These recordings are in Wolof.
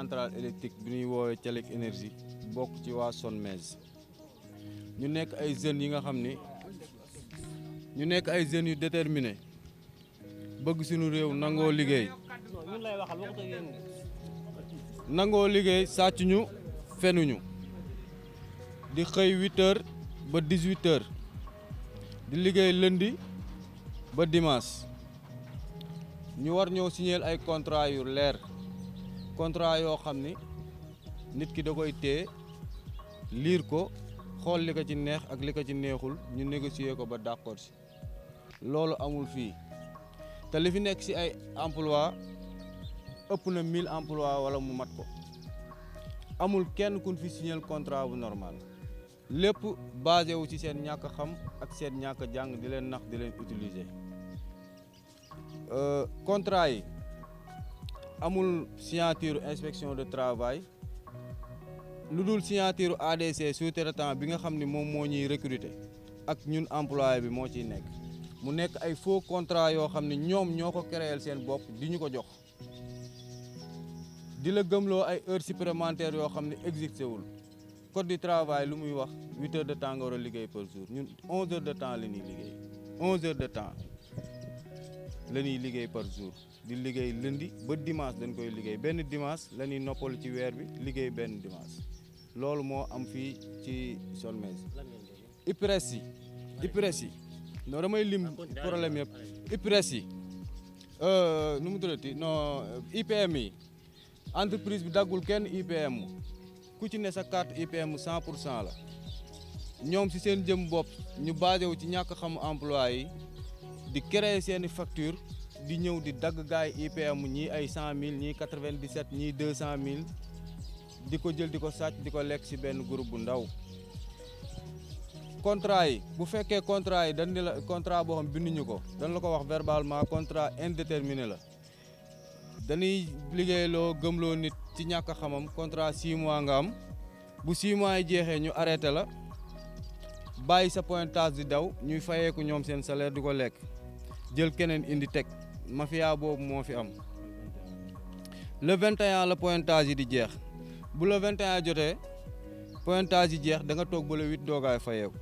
centrale électrique bi ñuy woowee Thialek energie bokk ci waa son SONMES ñu nekk ay jeunes yi nga xam ni ñu nekk ay jeunes yu déterminé bëgg sunu réew nangoo liggéey liggéey sàccuñu fenuñu di xëy 8 ba 18 heures di liggéey lundi ba dimanche ñu war ñoo signer ay contrat yu leer contrat yoo xam ni nit ki da koy téye liir ko xool li ko ci neex ak li ko ci neexul ñu négocier ko ba d'accord si loolu amul fii te li fi nekk si ay emploi ëpp na 1000 emploi wala mu mat ko amul kenn kun fi signal contrat bu normal lépp basé wu ci seen ñàkk xam ak seen ñàkk jàng di leen nax di leen utilise euh, contrat yi amul signature inspection de travail lu dul signature ADC sous-traitant bi nga xam ni moom moo ñuy recruter ak ñun employé bi moo ci nekk mu nekk ay faux contrat yoo xam ne ñoom ñoo ko créer seen bopp di ñu ko jox di la gëmloo ay heures superementaire yoo xam ne existé wul code du travail lu muy wax huit de temps nga war a liggéey par jour ñun onze heures de temps la ñuy liggéey onze heures de temps la liggéey par jour di liggéey lundi ba dimanche dañ koy liggéey benn dimanche la ñuy noppalu ci weer bi liggéey benn dimanche loolu moo am fii ci Solmès IPRES yi IPRES yi non damay lim problème yëpp IPRES yi euh, nu mu tuddati non IPM yi entreprise bi daggul kenn IPM ku ne sa carte IPM cent pour cent la ñoom si seen jëm bopp ñu basé ci ñàkk xam emploi yi di créer seeni facture di ñëw di dagg gaay IPM ñii ay cent mille ñii quatre-vingt-dix-sept ñii deux cent mille di ko jël di ko sàcc di ko lekk ci benn groupe bu ndaw contrat yi bu fekkee contrat yi dañ la contrat boo xam binduñu ko dañ la ko wax verbalement contrat indéterminé la dañuy liggéeyloo gëmloo nit ci ñàkk a contrat six mois nga am bu six mois jeexee ñu arrêté la bàyyi sa pointage di daw ñuy fayeeku ñoom seen salaire di ko lekk jël keneen indi teg mafia boobu moo fi am le 21 la pointage yi di jeex bu le 21 jotee pointage yi jeex da nga toog ba le 8 doogaay fayeeku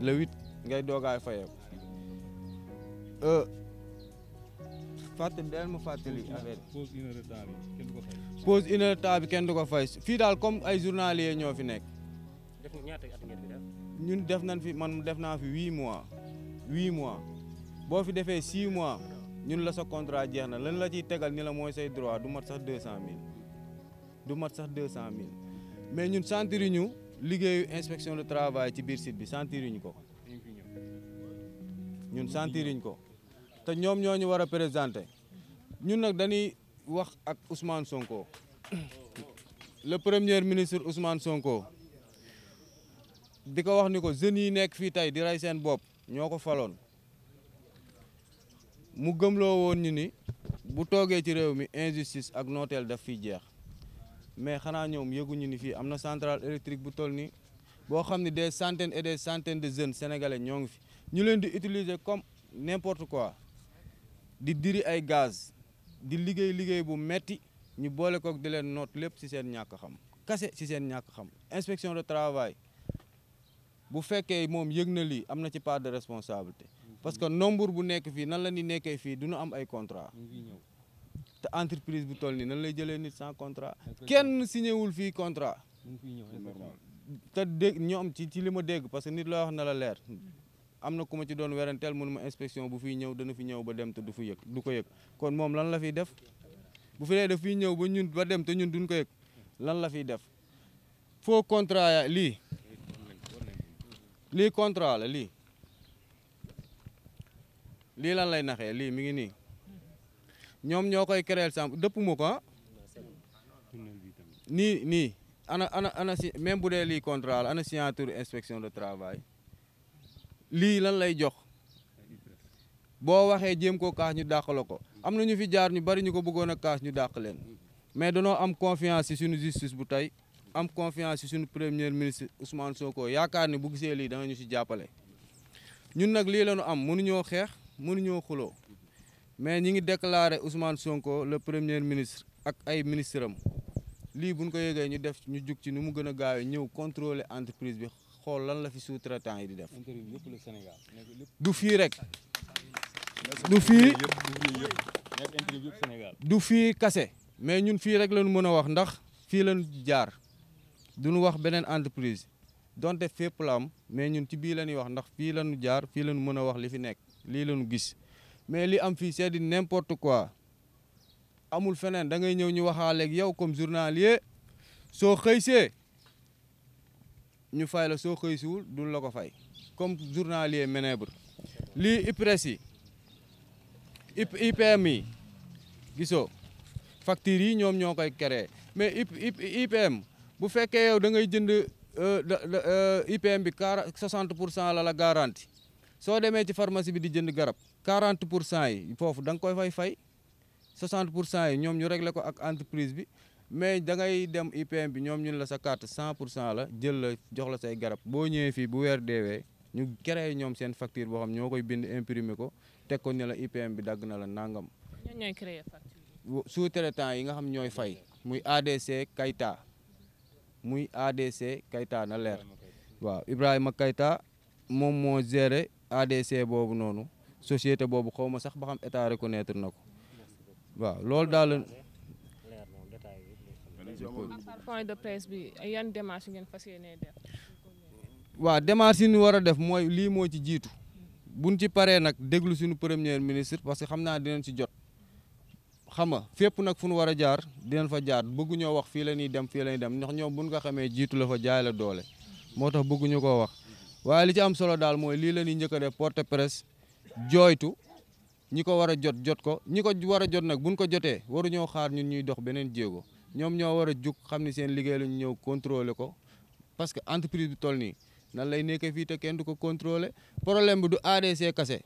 le 8 ngay doogaay fayeeku euh, fàttali daal ma fàttali affaire bi kenn du ko fay. pause une kenn du ko fay fii daal comme ay journaliers ñoo fi nekk. def nga fi ñun def nañ fi man def naa fi huit mois huit mois boo fi defee six mois. ñun la sa contrat jeex na lan la ciy tegal ni la mooy say droit du mat sax deux cent mille du mat sax deux cent mille mais ñun sentiruñu liggéey inspection de travail ci biir site bi sentiruñu ko ñun sentiruñ ko te ñoom ñoo ñu war a présenté ñun nag dañuy wax ak Ousmane Sonko le premier ministre Ousmane Sonko di ko wax ni ko jeunes yi nekk fii tey di ray seen bopp ñoo ko faloon mu gëm loo woon ñu ni bu toogee ci réew mi injustice ak nooteel daf fiy jeex mais xanaa ñoom yëguñu ni fii am na centrale électrique bu toll nii boo xam ne des centaines et des centaines de jeunes sénégalais ñoo ngi fi ñu leen di utiliser comme n'importe quoi di diri ay gaz di liggéey liggéey bu metti ñu boole kook di leen noot lépp ci seen ñàkk xam kase ci seen ñàkk xam inspection de travail bu fekkee moom yëg na lii am na ci part de responsabilité parce que nombre bu nekk fii nan la ñuy nekkee fii du ñu am ay contrat te entreprise bu toll nii nan lay jëlee nit sans contrat kenn signé wul fii contrat te dégg ñoom ci ci li ma dégg parce que nit la wax na la leer am na ku ma ci doon weranteel mënu ma inspection bu fiy ñëw dana fi ñëw ba dem te du fi yëg du ko yëg kon moom lan la fiy def bu fi dee daf ñëw ba ñun ba dem te ñun duñ ko yëg lan la fiy def foo contrat ya lii lii contrat la lii lii lan lay naxee lii mu ngi nii ñoom ñoo koy créer sam dëpp mu ko ah. nii nii ana ana ana si même bu dee lii contrat la ana signature inspection de travail lii lan lay jox boo waxee jéem ko kaas ñu dàq ko am na ñu fi jaar ñu bari ñu ko bëggoon a kaas ñu dàq leen mais danoo am confiance ci suñu justice bu tey am confiance si suñu premier ministre Ousmane Sonko yaakaar ni bu gisee lii danga ñu si jàppale ñun nag lii la ñu am mënuñoo xeex mënuñoo xuloo mais ñi ngi déclaré Ousmane Sonko le premier ministre ak ay ministre am lii buñ ko yegee ñu def ñu jug ci nu mu gën a gaawee ñëw contrôler entreprise bi xool lan la fi sous-traitant yi di def du fii rek du fii du fii kase mais ñun fii rek lañu mën a wax ndax fii lañu jaar du nu wax beneen entreprise donte fépp la am mais ñun ci bii la ñuy wax ndax fii lañu jaar fii lañu mën a wax li fi nekk lii la gis mais li am fii c'est du n'importe quoi amul feneen da ngay ñëw ñu waxaaleeg yow comme journalier soo xëysee ñu fay la soo xëysiwul duñ la ko fay comme journalier ménèbre lii IPRES yi IPM yi gisoo factures yi ñoom ñoo koy kere mais IPM bu fekkee yow da ngay jënd euh, euh, IPM bi 60 pour cent la la garantie soo demee ci pharmacie bi di jënd garab 40 pour cent yi foofu danga koy fay fay 60 pour cent yi ñoom ñu réglé ko ak entreprise bi mais da ngay dem IPM bi ñoom ñu la sa carte 100 pour cent la jël la jox la say garab boo ñëwee fii bu weer deewee ñu créé ñoom seen facture boo xam ñoo koy bind imprimer ko teg ko ne la IPM bi dagg na la nangam. ñoom ñooy créé facture. yi nga xam ñooy fay muy ADC Kayta muy ADC Kayta na leer waaw Ibrahima Kayta moom moo géré. ADC boobu noonu société boobu xaw ma sax ba xam état reconnaître na ko waaw loolu daal. point de presse bi yan démarche ngeen fas yéenee def. waaw démarche yi nu war a def mooy lii moo ci jiitu buñ ci paree nag déglu suñu premier ministre parce que xam naa dinañ si jot xam nga fépp nag fu ñu war a jaar dinañ fa jaar bëgguñoo wax fii la ñuy dem fii la ñuy dem ndax ñoom buñ ko xamee jiitu la fa jaay la doole moo tax bëgguñu koo wax. waaye li ci am solo daal mooy lii la ñuy njëkk a def porte presse jooytu ñi ko war a jot jot ko ñi ko war a jot nag buñ ko jotee waruñoo xaar ñun ñuy dox beneen jéego ñoom ñoo war a jug xam ni seen liggéey lañu ñëw contrôler ko parce que entreprise bi toll nii nan lay nekkee fii kenn du ko contrôler problème bi du ADC kase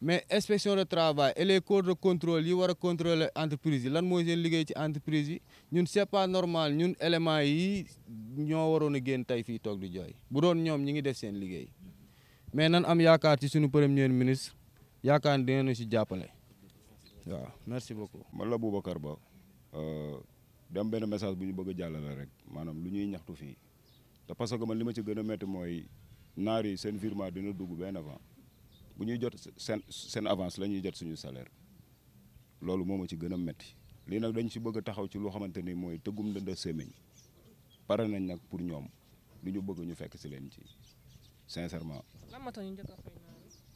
mais inspection de travail et les corps de contrôle yi war a contrôler entreprise yi lan mooy seen liggéey ci entreprise yi ñun c'est pas normal ñun élément yi ñoo waroon a génn tey fii toog di jooy bu doon ñoom ñi ngi def seen liggéey mais nan am yaakaar ci suñu premier ministre yaakaar dina ñu si jàppale waaw merci beaucoup. man la Boubacar Ba euh, dem benn message bu ñu bëgg a jàllale rek maanaam lu ñuy ñaxtu fii te parce que man li ma ci gën a métti mooy naar yi seen virement dina dugg benn avant bu ñuy jot seen seen avance la ñuy jot suñu salaire loolu moom ma ci gën a métti lii nag dañ ci bëgg a taxaw ci loo xamante ni mooy tëggum ndënd séméñ pare nañ nag pour ñoom lu ñu bëgg ñu fekk si leen ci sincèrement. lan moo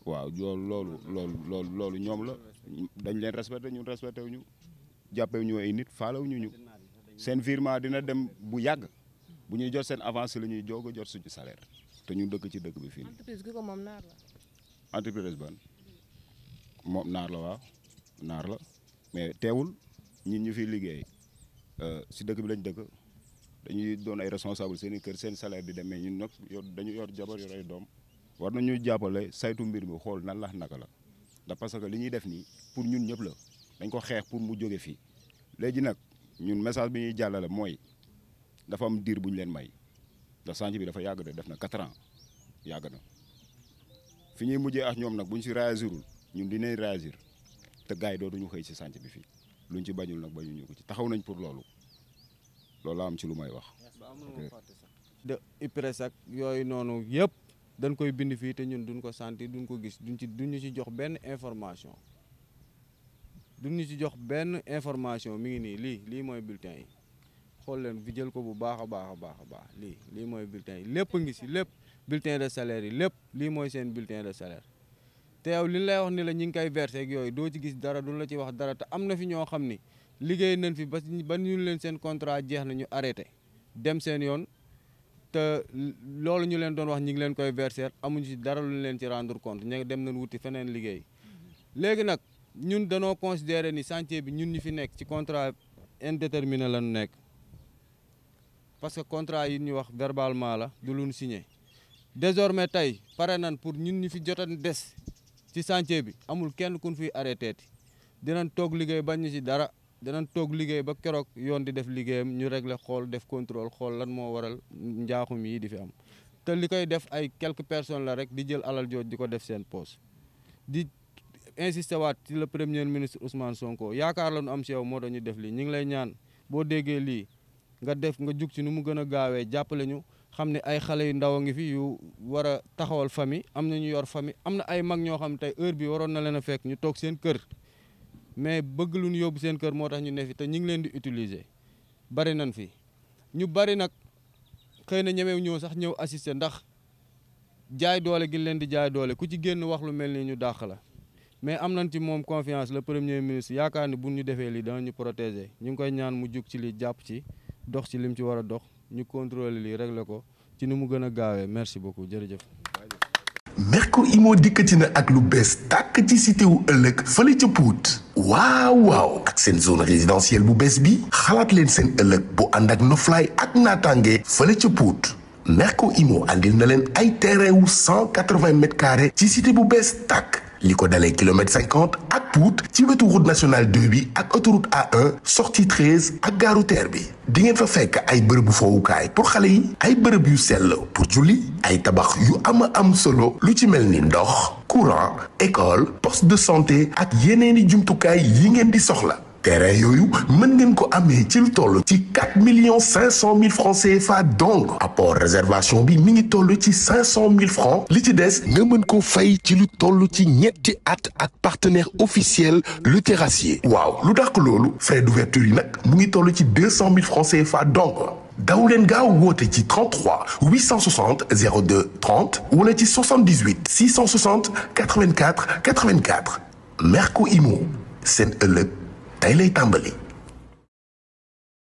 waaw loolu loolu loolu loolu ñoom la dañ leen respecté ñu respecté wu ñu uñu ñu ay nit faalaw ñu ñu seen virement dina dem bu yàgg bu ñuy jot seen avance la ñuy joog a jot suñu salaire te ñu dëkk ci dëkk bi fii. entreprise bi ko moom naar la. entreprise ban moom naar la waaw naar la mais teewul ñun ñu fiy liggéey euh, si dëkk bi lañ dëkk. dañuy doon ay responsable seen i kër seen salaire di demee ñun nag yor dañu yor jabar yor ay doom war nañu jàppale saytu mbir mi xool nan lax naka la ndax parce que li ñuy def nii pour ñun ñëpp la dañ ko xeex pour mu jóge fii léegi nag ñun message bi ñuy jàllale mooy dafa am diir bu ñu leen may ndax bi dafa yàgg def na quatre ans yàgg na fi ñuy mujjee ak ñoom nag bu ñu si réagirul ñun dinañ réagir te gaay yi dootuñu xëy si chantier bi fii luñ ci bañul nag ba ñu ko ci taxaw nañ pour loolu loolu am ci lu may wax. de IPRES ak yooyu noonu yëpp dañ koy bind fii te ñun duñ ko sentir duñ ko gis duñ ci duñ ñu ci jox benn information duñ ñu ci jox benn information mi ngi nii lii lii mooy bulletin yi xool leen fi jël ko bu baax a baax a baax a baax lii lii mooy bulletin yi lépp ngi si lépp bulletin de salaire yi lépp lii mooy seen bulletin de salaire te yow li ñu lay wax ni la ñu ngi koy versé ak yooyu doo ci gis dara duñ la ci wax dara te am na fi ñoo xam ni. liggéey nañ fi ba ba ñu leen seen contrat jeex na ñu arrêté dem seen yoon te loolu ñu leen doon wax ñi ngi leen koy verser amuñu si dara lu leen ci rendre compte ña dem nañ wuti feneen liggéey léegi nag ñun danoo considérer ni chantier bi ñun ñu fi nekk ci contrat indéterminé la ñu nekk parce que contrat yi ñu wax verbalement la du lu ñu signé désormais tey pare nan pour ñun ñu fi jot a des ci chantier bi amul kenn kun fi arrêté ti dina toog liggéey bañ ñu ci dara danañ toog liggéey ba keroog yoon di def liggéeyam ñu régler xool def contrôle xool lan moo waral njaaxum yi di fi am te li koy def ay quelques personnes la rek di jël alal jooj di ko def seen poche di insisté waat ci le premier ministre Ousmane Sonko yaakaar la nu am si yow moo dañu def lii ñu ngi lay ñaan boo déggee lii nga def nga jug ci nu mu gën a gaawee jàppale ñu xam ne ay xale yu ndaw a ngi fi yu war a taxawal famille am na ñu yor famille am na ay mag ñoo xam tey heure bi waroon na leen a fekk ñu toog seen kër. mais bëgg lu ñu yóbbu seen kër moo tax ñu ne fi te ñu ngi leen di utiliser bari nañ fi ñu bari nag xëy na ñemew ñëw sax ñëw assister ndax jaay doole gi leen di jaay doole ku ci génn wax lu mel ni ñu dàq la mais am nañ ci moom confiance le premier ministre yaakaar ni bu ñu defee lii dana ñu protéger ñu ngi koy ñaan mu jug ci lii jàpp ci dox ci lim ci war a dox ñu contrôler lii régler ko ci ni mu gën a gaawee merci beaucoup jërëjëf. ko imo dikkati na ak lu bees tàkk ci cité wu ëllëg fële ca Pout waaw waaw ak seen zone résidentielle bu bees bi xalaat leen seen ëllëg bu ànd ak noflaay ak naataange fële ca Pout Merco Imo andil na leen ay terrain wu 180 mètres carrés ci cité bu bees tàkk li ko dalee kilomètre cinquante ak Pout ci wetu route nationale bi ak autoroute A1 sortie ak gaaru terre bi di ngeen fa fekk ay bërëb foowukaay pour xale yi ay bërëb yu sell pour julli ay tabax yu ama am solo lu ci mel ni ndox courant école poste de santé ak yeneeni jumtukaay yi ngeen di soxla terrain yooyu mën ngeen ko amee ci lu toll ci quatre millions cinq cent mille francs CFA donc apport réservation bi mi ngi toll ci cinq cent mille francs li ci des nga mën ko fay ci lu toll ci ñetti at ak partenaire officiel le terrassier waaw lu dàq loolu frais d'ouverture yi nag mu ngi toll ci deux cent mille francs CFA donc daw leen gaaw woote ci 33 860 02 30 wala ci 78 660 84 84 Merco Imo seen ëllëg tey lay tàmbali.